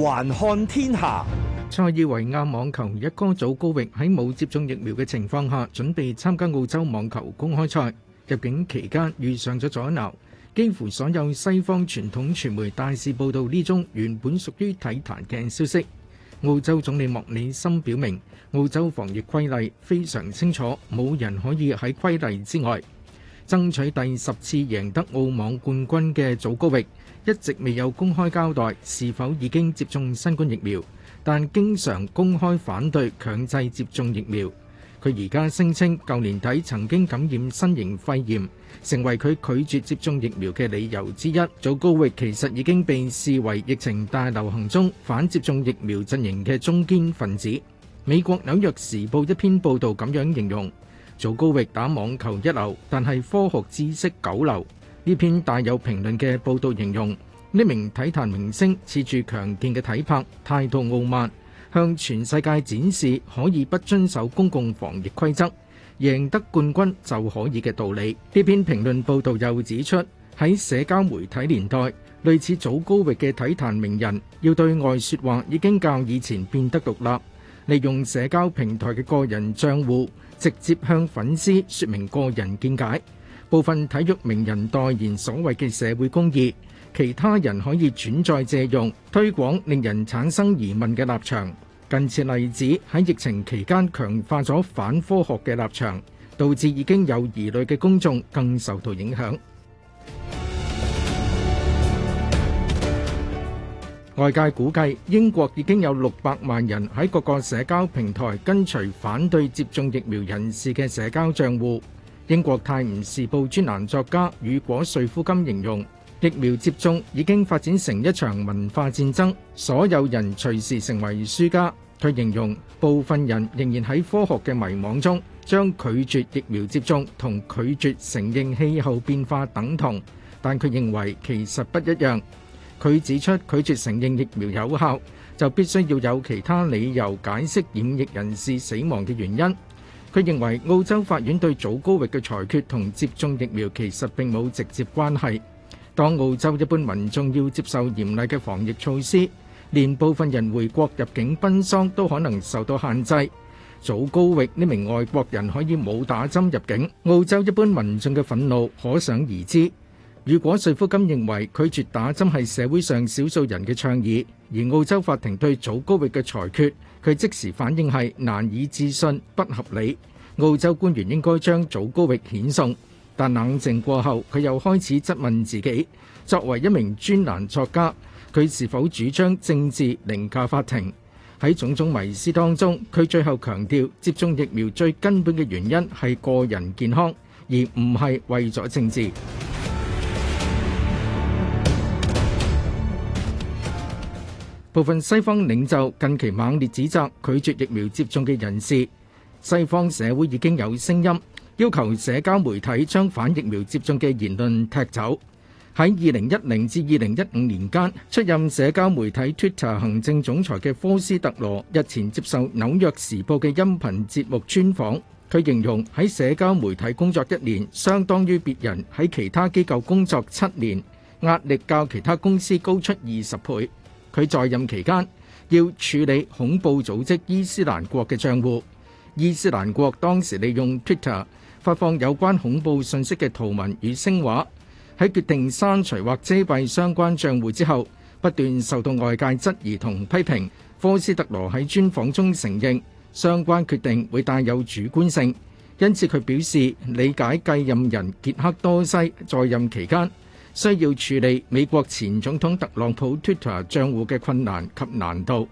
環看天下，塞爾維亞網球一哥祖高域喺冇接種疫苗嘅情況下，準備參加澳洲網球公開賽。入境期間遇上咗阻撓，幾乎所有西方傳統傳媒大肆報道呢宗原本屬於體壇嘅消息。澳洲總理莫里森表明，澳洲防疫規例非常清楚，冇人可以喺規例之外。爭取第十次贏得澳網冠軍嘅祖高域一直未有公開交代是否已經接種新冠疫苗，但經常公開反對強制接種疫苗。佢而家聲稱舊年底曾經感染新型肺炎，成為佢拒絕接種疫苗嘅理由之一。祖高域其實已經被視為疫情大流行中反接種疫苗陣營嘅中堅分子。美國《紐約時報》一篇報導咁樣形容。祖高域打網球一流，但係科學知識九流。利用社交平台嘅個人賬戶，直接向粉絲說明個人見解，部分體育名人代言所謂嘅社會公義，其他人可以轉載借用推廣令人產生疑問嘅立場，近次例子喺疫情期間強化咗反科學嘅立場，導致已經有疑慮嘅公眾更受到影響。外界估計，英國已經有六百萬人喺各個社交平台跟隨反對接種疫苗人士嘅社交帳戶。英國《泰晤士報》專欄作家雨果·瑞夫金形容，疫苗接種已經發展成一場文化戰爭，所有人隨時成為輸家。佢形容部分人仍然喺科學嘅迷惘中，將拒絕疫苗接種同拒絕承認氣候變化等同，但佢認為其實不一樣。佢指出，如果瑞夫金認為拒絕打針係社會上少數人嘅倡議，而澳洲法庭對祖高域嘅裁決，佢即時反應係難以置信、不合理。澳洲官員應該將祖高域遣送，但冷靜過後，佢又開始質問自己：作為一名專欄作家，佢是否主張政治凌駕法庭？喺種種迷思當中，佢最後強調，接種疫苗最根本嘅原因係個人健康，而唔係為咗政治。部分西方領袖近期猛烈指責拒絕疫苗接種嘅人士。西方社會已經有聲音要求社交媒體將反疫苗接種嘅言論踢走。喺二零一零至二零一五年間出任社交媒體 Twitter 行政總裁嘅科斯特羅日前接受紐約時報嘅音頻節目專訪，佢形容喺社交媒體工作一年相當於別人喺其他機構工作七年，壓力較其他公司高出二十倍。佢在任期間要處理恐怖組織伊斯蘭國嘅賬戶，伊斯蘭國當時利用 Twitter 發放有關恐怖信息嘅圖文與聲畫。喺決定刪除或遮蔽相關賬戶之後，不斷受到外界質疑同批評。科斯特羅喺專訪中承認相關決定會帶有主觀性，因此佢表示理解繼任人傑克多西在任期間需要處理美國前總統特朗普 Twitter 賬戶嘅困難及難度。